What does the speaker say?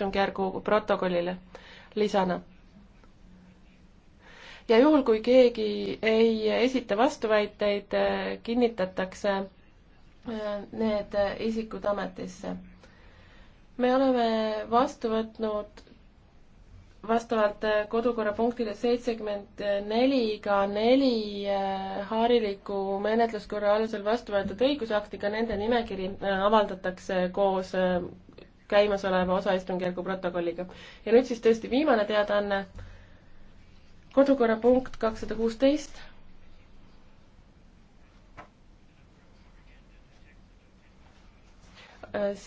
istungjärgu protokollile lisana. ja juhul, kui keegi ei esita vastuväiteid, kinnitatakse äh, need isikud ametisse. me oleme vastu võtnud vastavalt äh, kodukorra punktile seitsekümmend neli ka neli äh, hariliku menetluskorra alusel vastu võetud õigusakti, ka nende nimekiri avaldatakse koos käimasoleva osaistungjärgu protokolliga. ja nüüd siis tõesti viimane teadaanne, kodukorra punkt kakssada kuusteist, see